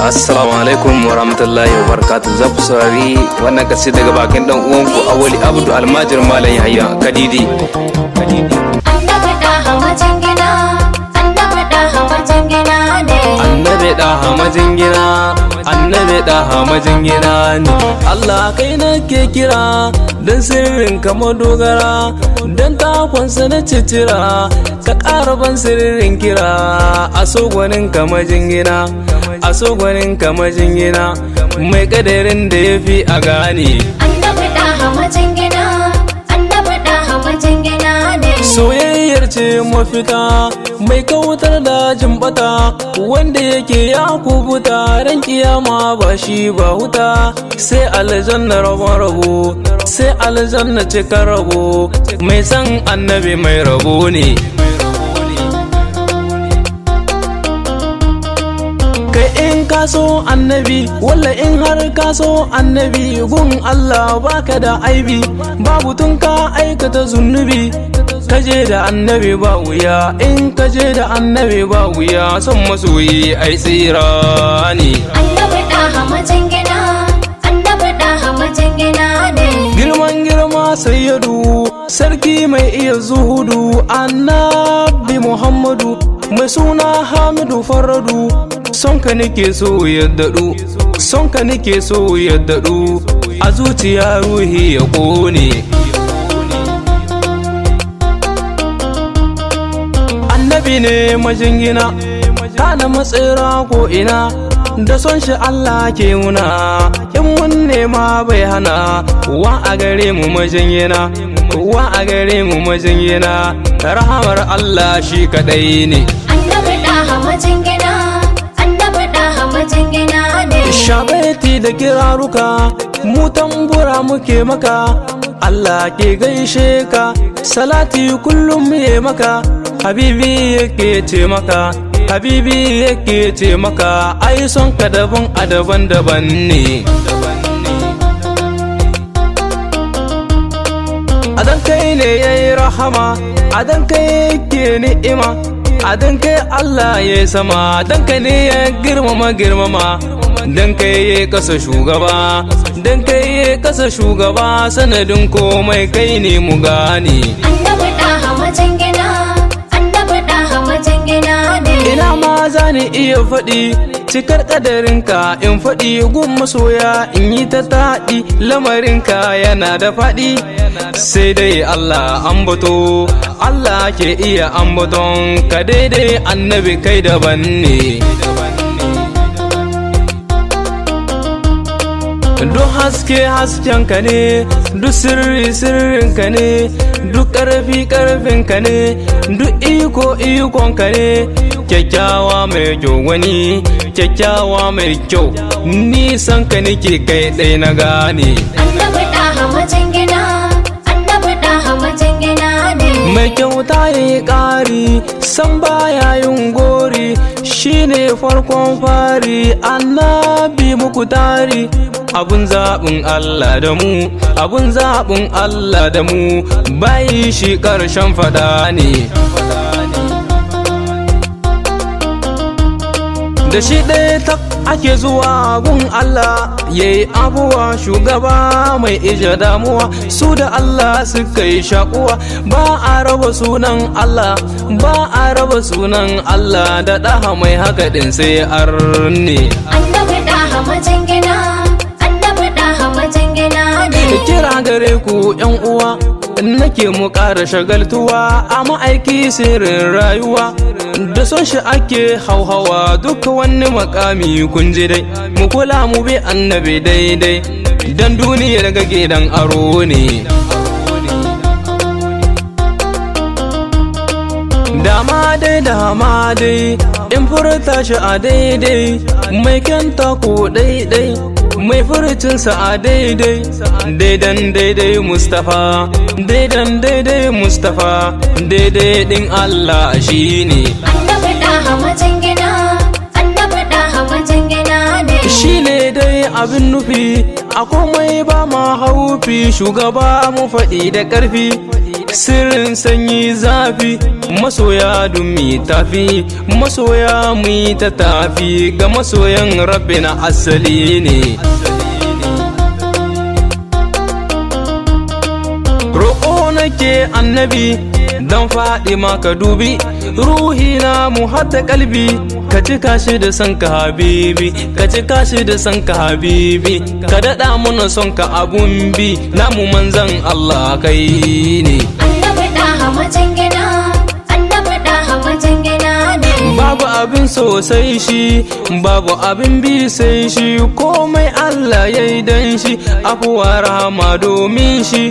assalamu alaikum wa rahmatullahi wa barakatu za ku saurari wannan kasi daga bakin dan uwanku awali abdu almajir malam yahaya kadidi kadidi da majingina ni Allah kai nake kira don sirrin ka madogara don takonsa na cicira ka ƙara ban sirrin kira a sogonin ka majingina a sogonin ka majingina mai kadarin da ya fi a gane ce mafita mai kautar da bata. wanda yake ya kubuta ran kiyama ba shi ba huta sai aljanna rabon rabo sai aljanna cikin rabo mai san annabi mai rabo ne ka so annabi walla in har kaso annabi gun Allah baka da aibi babu tun ka aikata zunubi kaje da annabi ba wuya in kaje da annabi ba wuya son masoyi ai tsira ne annabi da hamajin gina annabi da hamajin gina ne girman girma sayyadu sarki mai iya zuhudu annabi muhammadu mai suna hamidu faradu son ka nake so ya daɗu son ka nake so ya daɗu a zuciya ruhi ya ƙone Annabi ne majingina Kana matsira ko ina da son shi Allah ke muna kin mun ma bai hana wa a gare mu majingina wa a gare mu majingina rahamar Allah shi kadai ne ti da kiraruka mu tambura muke maka Allah ke gaishe ka salati kullum ya maka habibi yake ce maka habibi yake ce maka ai son ka daban a daban daban ne adan kai ne yayi rahama adan kai yake ni'ima adan kai Allah ya sama dan ka ne ya girmama girmama dan kaiye kasa shugaba dan kaiye kasa shugaba sanadin komai kai ne mu gane ina ma za ni iya faɗi cikar ka in faɗi gun masoya in yi ta taɗi lamarinka yana da faɗi sai dai Allah ambato Allah ke iya ambaton ka daidai annabi kai daban ne duk haske haskenka ne du sirri sirrinka ne duk ƙarfi ƙarfinka ne du iko ikonka ne kyakkyawa mai kyau wani kyakkyawa mai kyau nisan ka nake kai ɗai na gane mai kyauta ya yi ƙari san baya yin gori shine farkon fari annabi muku tari abun zaɓin Allah da mu abun zaɓin Allah da mu bai shi karshen faɗa ne da shi ɗaya ta ake zuwa gun Allah ya yi abuwa shugaba mai ija damuwa su da Allah suka yi shakuwa ba a raba sunan Allah ba a raba sunan Allah da ɗaha mai haka ɗin sai arni kira gare ku 'yan uwa in nake mu ƙara shagaltuwa a ma'aiki sirrin rayuwa da son shi ake hauhawa duka wani makami kun ji dai mu kula mu bi annabi daidai dan duniya daga gidan aro ne dama dai dama dai in furta shi a daidai mai kyanta ko daidai mai sa a daidai daidan daidai mustafa daidan daidai mustafa daidai din allah shine annabi da hamajin gina annabi da hamajin gina ne shine dai abin nufi a komai ba ma haufi shugaba mu faɗi da ƙarfi sirrin sanyi zafi masoya dumi tafi masoya mu ta tafi ga masoyan rabbi na asali ne roƙo nake annabi dan faɗi maka dubi ruhi na mu hata kalbi ka cika shi da son ka habibi ka cika shi da son ka habibi ka daɗa mana son ka abun bi namu manzan Allah kai ne sosai shi babu abin bi sai shi komai Allah ya yi dan shi afuwa rahama domin shi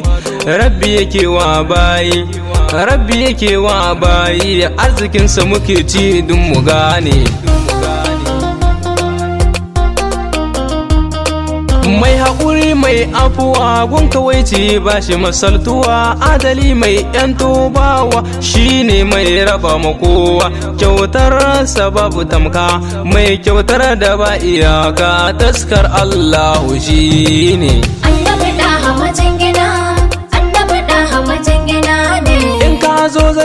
rabbi yake wa bayi rabbi yake wa bayi arzikinsa muke ci dun mu gane mai afuwa gun kawai ba shi masaltuwa adali mai yan tubawa shi ne mai raba makowa kyautar sababu tamka mai kyautar da ba iyaka taskar allahu shi ne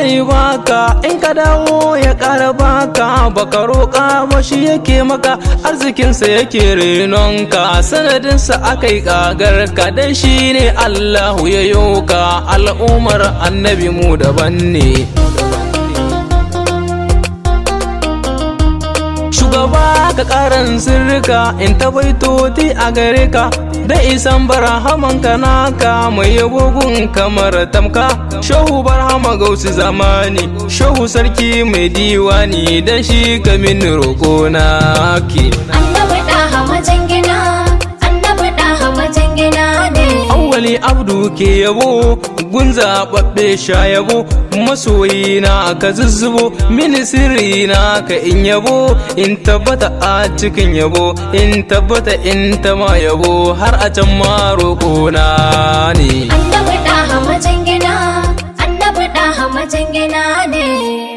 zai baka in ka dawo ya kara baka baka roƙa ba shi yake maka arzikinsa yake renonka sanadinsa aka yi ƙagar ka dan shi ne allahu ya yoka al'umar annabi mu daban ne shugaba ka ƙaran sirrika in tabaitoti a gare ka da isan barhaman kanaka mai yagogun kamar tamka shehu barhama gausu zamani shehu sarki mai diwani da shi kamin roƙo na ke abdu ke yabo gun zaɓaɓɓe shayabo masoyi na ka zuzzubo mini ka in yabo in tabbata a cikin yabo in tabbata in ta ma yabo har a can ma roƙo na ne annabi da hamajin gina annabi da hamajin gina ne